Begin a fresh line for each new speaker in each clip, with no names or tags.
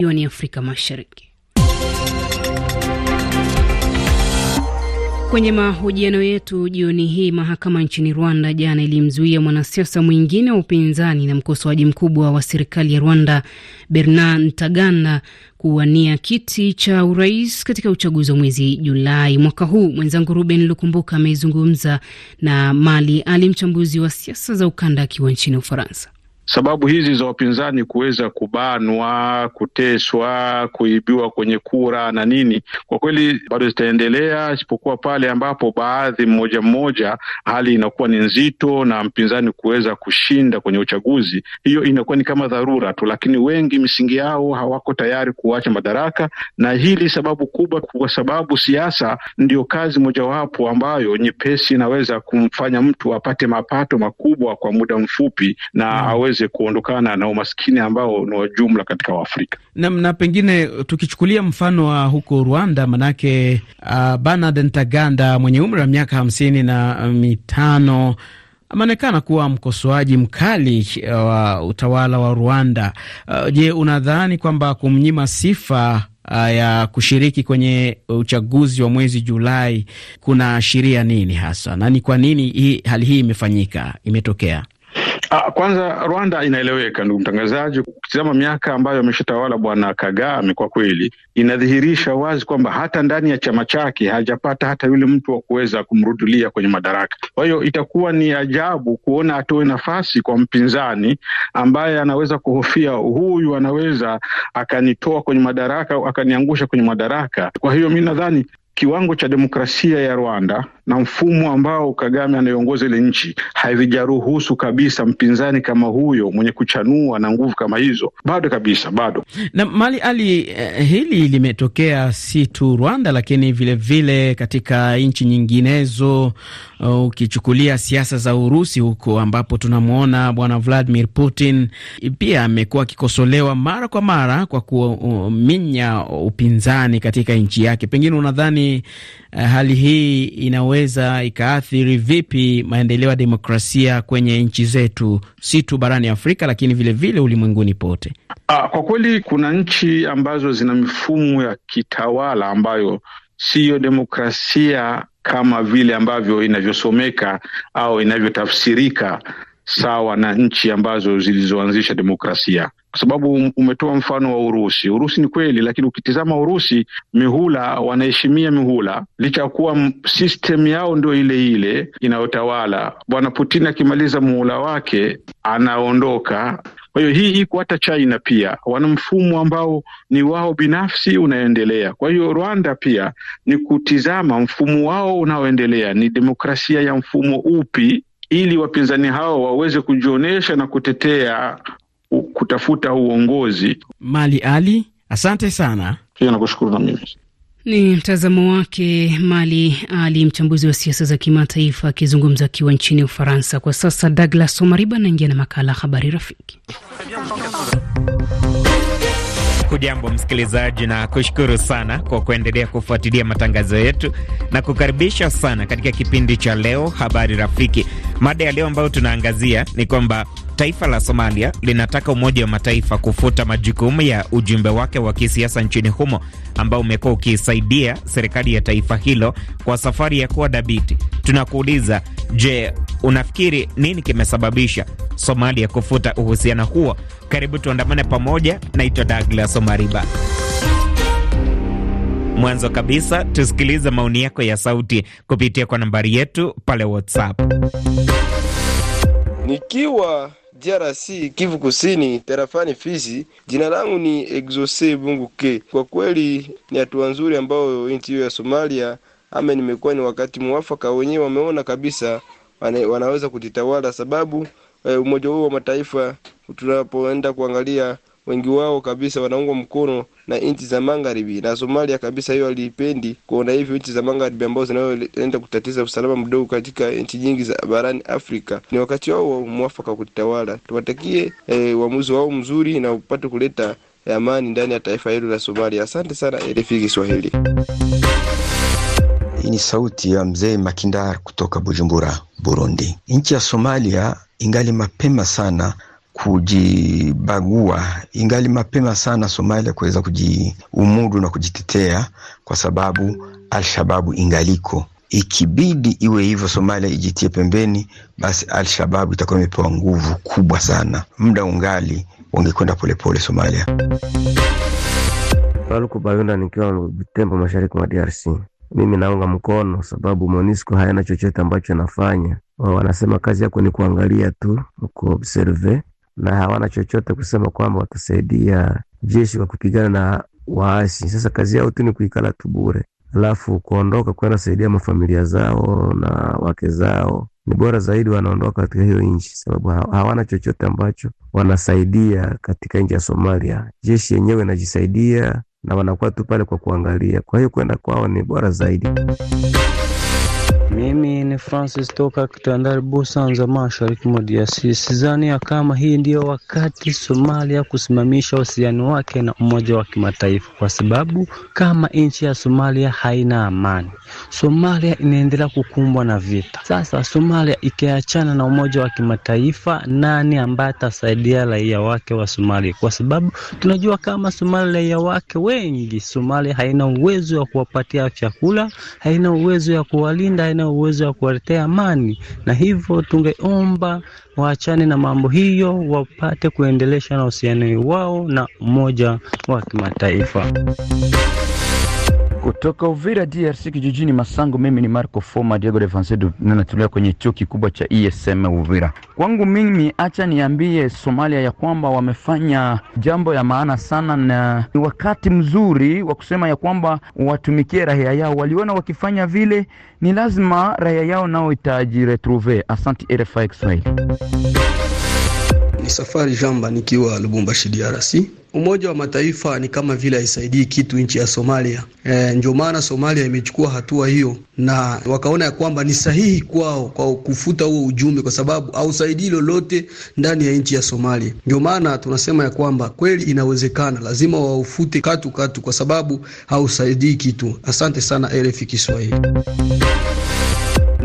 Jioni Afrika Mashariki. Kwenye mahojiano yetu jioni hii, mahakama nchini Rwanda jana ilimzuia mwanasiasa mwingine wa upinzani na mkosoaji mkubwa wa serikali ya Rwanda, Bernard Ntaganda, kuwania kiti cha urais katika uchaguzi wa mwezi Julai mwaka huu. Mwenzangu Ruben Lukumbuka amezungumza na Mali Ali, mchambuzi wa siasa za ukanda, akiwa nchini Ufaransa
sababu hizi za wapinzani kuweza kubanwa, kuteswa, kuibiwa kwenye kura na nini, kwa kweli bado zitaendelea, isipokuwa pale ambapo baadhi mmoja mmoja hali inakuwa ni nzito na mpinzani kuweza kushinda kwenye uchaguzi, hiyo inakuwa ni kama dharura tu, lakini wengi misingi yao hawako tayari kuacha madaraka, na hili sababu kubwa, kwa sababu siasa ndiyo kazi mojawapo ambayo nyepesi inaweza kumfanya mtu apate mapato makubwa kwa muda mfupi na aweze tuweze kuondokana na umaskini ambao ni wa jumla katika Waafrika
na, na pengine tukichukulia mfano wa huko Rwanda manake uh, Bernard Ntaganda mwenye umri wa miaka hamsini na mitano ameonekana kuwa mkosoaji mkali uh, wa uh, utawala wa Rwanda. Uh, je, unadhani kwamba kumnyima sifa uh, ya kushiriki kwenye uchaguzi wa mwezi Julai kuna sheria nini hasa, na ni kwa nini hii hali hii imefanyika imetokea?
Ah, kwanza Rwanda inaeleweka, ndugu mtangazaji. Ukitizama miaka ambayo ameshatawala bwana Kagame, kwa kweli inadhihirisha wazi kwamba hata ndani ya chama chake hajapata hata yule mtu wa kuweza kumrudulia kwenye madaraka. Kwa hiyo itakuwa ni ajabu kuona atoe nafasi kwa mpinzani ambaye anaweza kuhofia huyu anaweza akanitoa kwenye madaraka, akaniangusha kwenye madaraka. Kwa hiyo mi nadhani kiwango cha demokrasia ya Rwanda na mfumo ambao Kagame anayeongoza ile nchi havijaruhusu kabisa mpinzani kama huyo mwenye kuchanua na nguvu kama hizo, bado kabisa, bado na mali
ali. Eh, hili limetokea si tu Rwanda, lakini vilevile vile katika nchi nyinginezo, eh, ukichukulia uh, siasa za Urusi huko ambapo tunamwona bwana Vladimir Putin eh, pia amekuwa akikosolewa mara kwa mara kwa kuminya upinzani katika nchi yake. Pengine unadhani uh, hali hii inaweza ikaathiri vipi maendeleo ya demokrasia kwenye nchi zetu, si tu barani Afrika, lakini vilevile ulimwenguni pote?
Aa, ah, kwa kweli kuna nchi ambazo zina mifumo ya kitawala ambayo siyo demokrasia kama vile ambavyo inavyosomeka au inavyotafsirika sawa na nchi ambazo zilizoanzisha demokrasia kwa sababu um-, umetoa mfano wa Urusi. Urusi ni kweli, lakini ukitizama Urusi mihula, wanaheshimia mihula licha ya kuwa system yao ndio ile ile inayotawala. Bwana Putin akimaliza muhula wake anaondoka. Kwa hiyo hii iko hata China pia, wana mfumo ambao ni wao binafsi unaendelea. Kwa hiyo Rwanda pia ni kutizama mfumo wao unaoendelea, ni demokrasia ya mfumo upi, ili wapinzani hao waweze kujionyesha na kutetea kutafuta uongozi.
Mali Ali, asante sana. Pia nakushukuru na mimi.
Ni mtazamo wake Mali Ali, mchambuzi wa siasa za kimataifa, akizungumza akiwa nchini Ufaransa. Kwa sasa, Douglas Omariba anaingia na makala Habari Rafiki.
Hujambo msikilizaji, na kushukuru sana kwa kuendelea kufuatilia matangazo yetu na kukaribisha sana katika kipindi cha leo Habari Rafiki. Mada ya leo ambayo tunaangazia ni kwamba Taifa la Somalia linataka Umoja wa Mataifa kufuta majukumu ya ujumbe wake wa kisiasa nchini humo ambao umekuwa ukisaidia serikali ya taifa hilo kwa safari ya kuwa dhabiti. Tunakuuliza, je, unafikiri nini kimesababisha Somalia kufuta uhusiano huo? Karibu tuandamane pamoja. Naitwa Douglas Omariba. Mwanzo kabisa tusikilize maoni yako ya sauti kupitia kwa nambari yetu pale WhatsApp.
Nikiwa DRC Kivu Kusini, tarafani Fizi. Jina langu ni Exose Bunguke. Kwa kweli ni hatua nzuri ambayo nchi hiyo ya Somalia ama nimekuwa ni wakati mwafaka, wenyewe wameona kabisa wana, wanaweza kujitawala, sababu eh, umoja huo wa mataifa tunapoenda kuangalia wengi wao kabisa wanaungwa mkono na nchi za magharibi, na Somalia kabisa hiyo aliipendi kuona hivyo nchi za magharibi ambazo zinaenda kutatiza usalama mdogo katika nchi nyingi za barani Afrika. Ni wakati wao mwafaka kutawala, tuwatakie eh, uamuzi eh, wao mzuri na upate kuleta amani ndani ya taifa hilo la Somalia. Asante sana RFI Kiswahili. Hii ni sauti ya mzee Makindar kutoka Bujumbura, Burundi. Nchi ya Somalia ingali mapema sana kujibagua, ingali mapema sana Somalia kuweza kujiumudu na kujitetea, kwa sababu Alshababu ingaliko. Ikibidi iwe hivyo, Somalia ijitie pembeni, basi Alshababu itakuwa imepewa nguvu kubwa sana. Muda ungali wangekwenda polepole Somalia. Paluku Bayunda nikiwa Butembo, mashariki mwa DRC. Mimi naunga mkono sababu Monisco hayana chochote ambacho anafanya. Wanasema kazi yako ni kuangalia tu, kuobserve na hawana chochote kusema kwamba watasaidia jeshi kwa kupigana na waasi. Sasa kazi yao tu ni kuikala tu bure, alafu kuondoka kwenda saidia mafamilia zao na wake zao. Ni bora zaidi wanaondoka katika hiyo nchi, sababu hawana chochote ambacho wanasaidia katika nchi ya Somalia. Jeshi yenyewe inajisaidia na wanakuwa tu pale kwa kuangalia. Kwa hiyo kwenda kwao ni bora zaidi. Mimi ni Francis toka Kitandari Busanza, mashariki mwa DRC. ya kama hii ndiyo wakati Somalia kusimamisha uhusiano wake na Umoja wa Kimataifa, kwa sababu kama nchi ya Somalia haina amani, Somalia inaendelea kukumbwa na vita. Sasa Somalia ikiachana na Umoja wa Kimataifa, nani ambaye atasaidia raia wake wa Somalia? Kwa sababu tunajua kama Somalia raia wake wengi, Somalia haina uwezo wa kuwapatia chakula, haina uwezo ya kuwalinda, haina uwezo wa kuwaletea amani, na hivyo tungeomba waachane na mambo hiyo, wapate kuendelesha na uhusiano wao na umoja wa kimataifa. Kutoka Uvira DRC kijijini Masango, mimi ni Marco Foma Diego de Vancedo, natulia kwenye chuo kikubwa cha ESM Uvira. Kwangu mimi, acha niambie Somalia ya kwamba wamefanya jambo ya maana sana, na ni wakati mzuri wa kusema ya kwamba watumikie raia yao. Waliona wakifanya vile, ni lazima raia yao nao itajiretrouve. Asante RFI Kiswahili ni Safari Jamba nikiwa Lubumbashi, DRC. Umoja wa Mataifa ni kama vile haisaidii kitu nchi ya Somalia. E, ndio maana Somalia imechukua hatua hiyo na wakaona ya kwamba ni sahihi kwao kwa kufuta huo ujumbe, kwa sababu hausaidii lolote ndani ya nchi ya Somalia. Ndio maana tunasema ya kwamba kweli inawezekana, lazima waufute katu katu, kwa sababu hausaidii kitu. Asante sana RFI Kiswahili.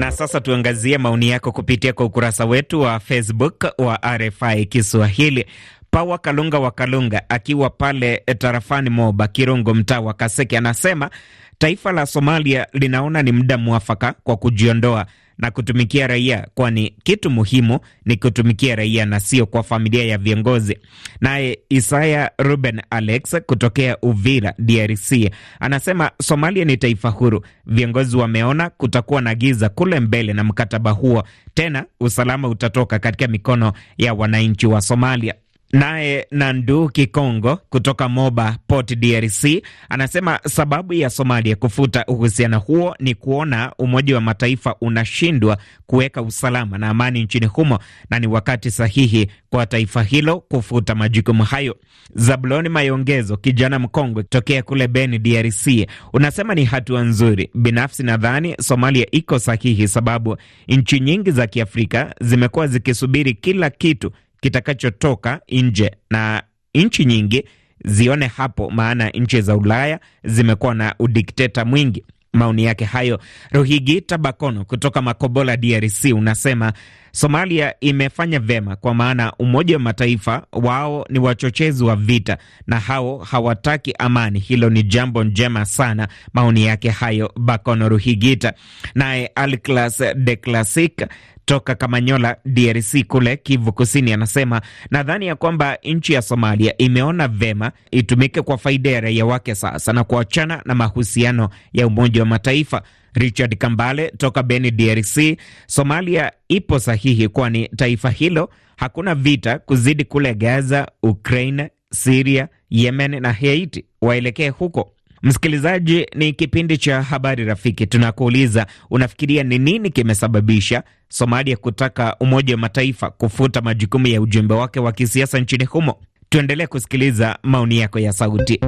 Na sasa tuangazie maoni yako kupitia kwa ukurasa wetu wa Facebook wa RFI Kiswahili. Pawa Kalunga wa Kalunga akiwa pale eh, tarafani Moba Kirungu, mtaa wa Kaseke, anasema taifa la Somalia linaona ni muda mwafaka kwa kujiondoa na kutumikia raia, kwani kitu muhimu ni kutumikia raia na sio kwa familia ya viongozi. Naye Isaya Ruben Alex kutokea Uvira, DRC, anasema Somalia ni taifa huru. Viongozi wameona kutakuwa na giza kule mbele na mkataba huo, tena usalama utatoka katika mikono ya wananchi wa Somalia. Naye Nandu Kikongo kutoka Moba Port, DRC, anasema sababu ya Somalia kufuta uhusiano huo ni kuona Umoja wa Mataifa unashindwa kuweka usalama na amani nchini humo na ni wakati sahihi kwa taifa hilo kufuta majukumu hayo. Zabuloni Mayongezo, kijana mkongwe tokea kule Beni, DRC, unasema ni hatua nzuri. Binafsi nadhani Somalia iko sahihi, sababu nchi nyingi za Kiafrika zimekuwa zikisubiri kila kitu kitakachotoka nje na nchi nyingi zione hapo, maana nchi za Ulaya zimekuwa na udikteta mwingi. Maoni yake hayo. Ruhigita Bakono kutoka Makobola, DRC, unasema Somalia imefanya vyema, kwa maana Umoja wa Mataifa wao ni wachochezi wa vita na hao hawataki amani. Hilo ni jambo njema sana. Maoni yake hayo, Bakono Ruhigita. Naye Alclas de Classic toka Kamanyola, DRC kule Kivu Kusini, anasema nadhani ya kwamba nchi ya Somalia imeona vema itumike kwa faida ya raia wake sasa na kuachana na mahusiano ya Umoja wa Mataifa. Richard Kambale toka Beni, DRC: Somalia ipo sahihi, kwani taifa hilo hakuna vita kuzidi kule Gaza, Ukraine, Siria, Yemen na Haiti, waelekee huko. Msikilizaji, ni kipindi cha Habari Rafiki. Tunakuuliza, unafikiria ni nini kimesababisha Somalia kutaka Umoja wa Mataifa kufuta majukumu ya ujumbe wake wa kisiasa nchini humo? Tuendelee kusikiliza maoni yako ya sauti.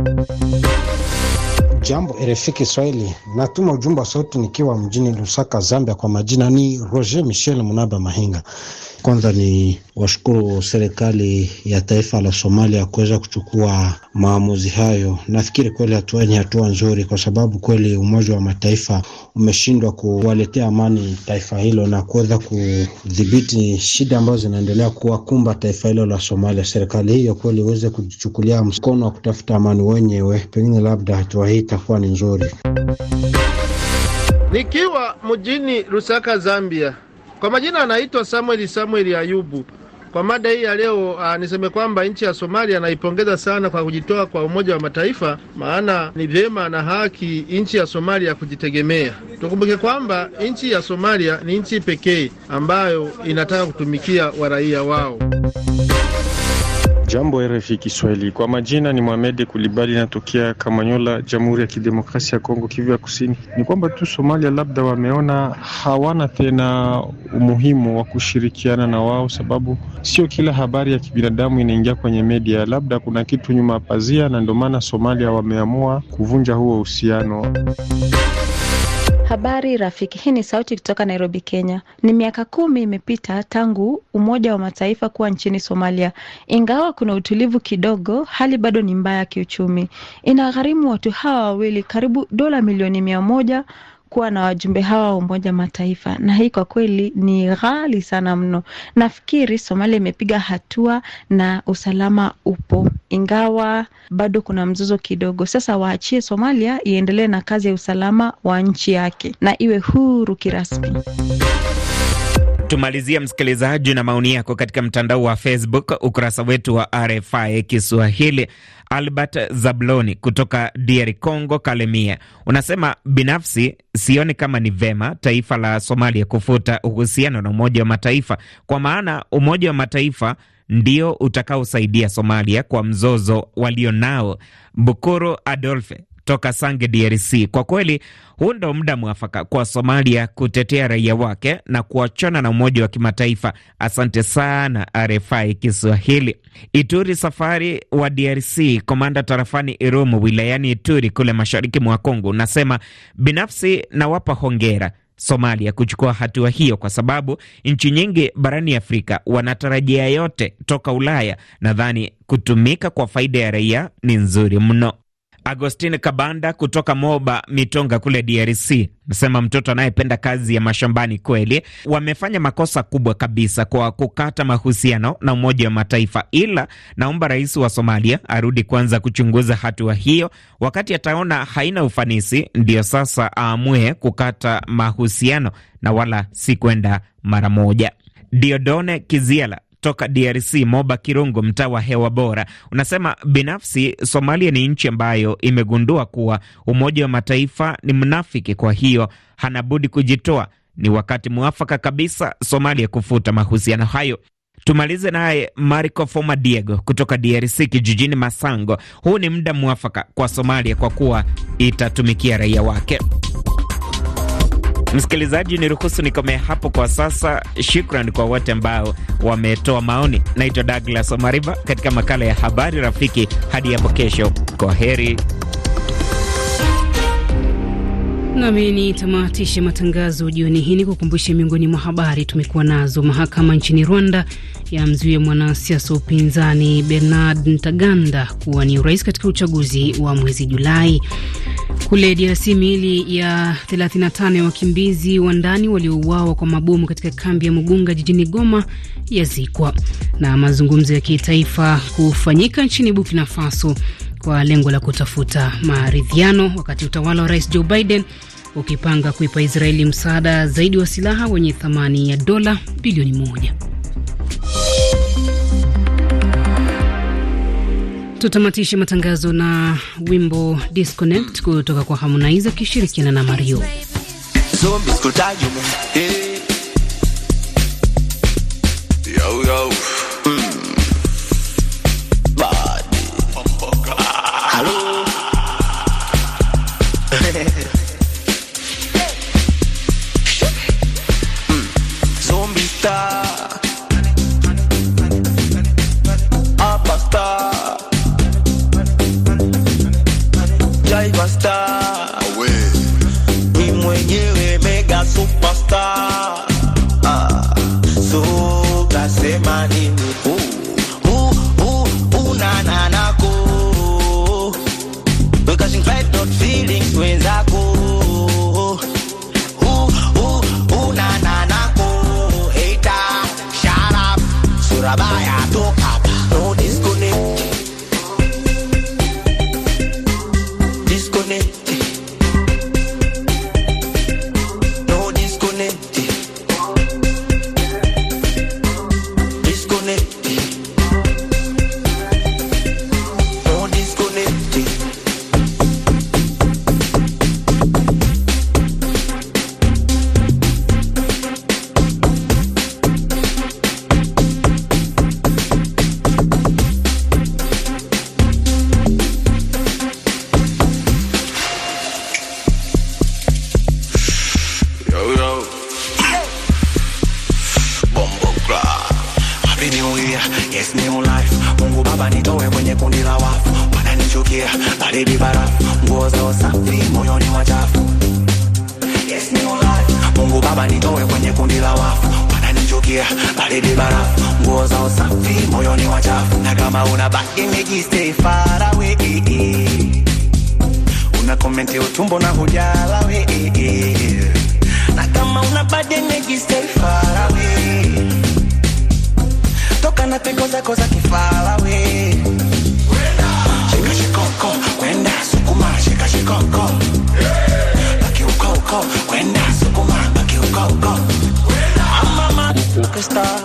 Jambo RFI Kiswahili, natuma ujumbe wa sauti nikiwa mjini Lusaka, Zambia. Kwa majina ni Roger Michel Munaba Mahinga. Kwanza ni washukuru serikali ya taifa la Somalia kuweza kuchukua maamuzi hayo. Nafikiri kweli hatua ni hatua nzuri, kwa sababu kweli Umoja wa Mataifa umeshindwa kuwaletea amani taifa hilo na kuweza kudhibiti shida ambazo zinaendelea kuwakumba taifa hilo la Somalia. Serikali hiyo kweli iweze kujichukulia mkono wa kutafuta amani wenyewe, pengine labda hatua hii itakuwa ni nzuri. Nikiwa mjini Lusaka, Zambia. Kwa majina anaitwa Samuel Samuel Ayubu. Kwa mada hii ya leo ah, niseme kwamba nchi ya Somalia naipongeza sana kwa kujitoa kwa Umoja wa Mataifa, maana ni vyema na haki nchi ya Somalia kujitegemea. Tukumbuke kwamba nchi ya Somalia ni nchi pekee ambayo inataka kutumikia waraia wao.
Jambo RFI Kiswahili, kwa majina ni Mohamed Kulibali, natokea Kamanyola, Jamhuri ya Kidemokrasia ya Kongo, Kivu ya Kusini. Ni kwamba tu Somalia labda wameona hawana tena umuhimu wa kushirikiana na wao, sababu sio kila habari ya kibinadamu inaingia kwenye media, labda kuna kitu nyuma ya pazia, na ndio maana Somalia wameamua kuvunja huo uhusiano.
Habari rafiki, hii ni Sauti kutoka Nairobi, Kenya. Ni miaka kumi imepita tangu Umoja wa Mataifa kuwa nchini Somalia. Ingawa kuna utulivu kidogo, hali bado ni mbaya kiuchumi. Inagharimu watu hawa wawili karibu dola milioni mia moja kuwa na wajumbe hawa wa Umoja Mataifa, na hii kwa kweli ni ghali sana mno. Nafikiri Somalia imepiga hatua na usalama upo, ingawa bado kuna mzozo kidogo. Sasa waachie Somalia iendelee na kazi ya usalama wa nchi yake na iwe huru kirasmi.
Tumalizia msikilizaji na maoni yako katika mtandao wa Facebook, ukurasa wetu wa RFI Kiswahili. Albert Zabloni kutoka DR Congo, kalemia unasema binafsi sioni kama ni vema taifa la Somalia kufuta uhusiano na Umoja wa Mataifa, kwa maana Umoja wa Mataifa ndio utakaosaidia Somalia kwa mzozo walionao. Bukuru Adolfe toka Sange, DRC. Kwa kweli huu ndo muda mwafaka kwa Somalia kutetea raia wake na kuachana na Umoja wa Kimataifa. Asante sana RFI Kiswahili. Ituri Safari wa DRC, komanda tarafani Irumu wilayani Ituri kule mashariki mwa Kongo, nasema binafsi nawapa hongera Somalia kuchukua hatua hiyo kwa sababu nchi nyingi barani Afrika wanatarajia yote toka Ulaya. Nadhani kutumika kwa faida ya raia ni nzuri mno. Agostine Kabanda kutoka Moba Mitonga kule DRC anasema mtoto anayependa kazi ya mashambani kweli. Wamefanya makosa kubwa kabisa kwa kukata mahusiano na Umoja wa Mataifa, ila naomba rais wa Somalia arudi kwanza kuchunguza hatua hiyo. Wakati ataona haina ufanisi, ndiyo sasa aamue kukata mahusiano na wala si kwenda mara moja. Diodone Kiziela toka DRC, Moba Kirungu, mtaa wa hewa bora, unasema binafsi, Somalia ni nchi ambayo imegundua kuwa Umoja wa Mataifa ni mnafiki, kwa hiyo hana budi kujitoa. Ni wakati mwafaka kabisa Somalia kufuta mahusiano hayo. Tumalize naye Marco Foma Diego kutoka DRC, kijijini Masango. Huu ni muda mwafaka kwa Somalia kwa kuwa itatumikia raia wake. Msikilizaji, niruhusu nikomee hapo kwa sasa. shukran kwa wote ambao wametoa maoni. Naitwa Douglas Omariba katika makala ya habari rafiki. Hadi hapo kesho, kwa heri.
Nami tamatishe matangazo jioni hii ni kukumbusha miongoni mwa habari tumekuwa nazo. Mahakama nchini Rwanda yamzuia mwanasiasa wa upinzani Bernard Ntaganda kuwa ni urais katika uchaguzi wa mwezi Julai. Kule DRC, miili ya 35 ya wakimbizi wa ndani waliouawa kwa mabomu katika kambi ya Mugunga jijini Goma yazikwa, na mazungumzo ya kitaifa kufanyika nchini Burkina Faso kwa lengo la kutafuta maridhiano, wakati utawala wa rais Joe Biden ukipanga kuipa Israeli msaada zaidi wa silaha wenye thamani ya dola bilioni moja. Tutamatishe matangazo na wimbo Disconnect kutoka kwa Harmonize akishirikiana na Mario.
Eh. tá vaya a tocar. It make you stay far away. Eh, eh. Una komenti utumbo na hujala we. Eh, na kama una bad it make you stay far away. Toka na pengo zako za kifala we. Shika shikoko kwenda sukuma shika shikoko. Baki uko
kwenda sukuma baki uko uko. Ama mama superstar.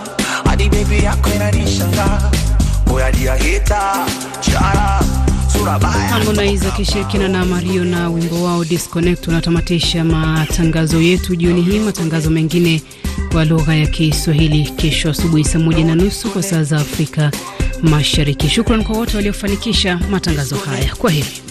Hadi baby yako inanishangaa. Harmonize akishirikiana na Mario na wimbo wao Disconnect unatamatisha matangazo yetu jioni hii. Matangazo mengine kwa lugha ya Kiswahili kesho asubuhi saa moja na nusu kwa saa za Afrika Mashariki. Shukran kwa wote waliofanikisha matangazo haya. Kwa heri.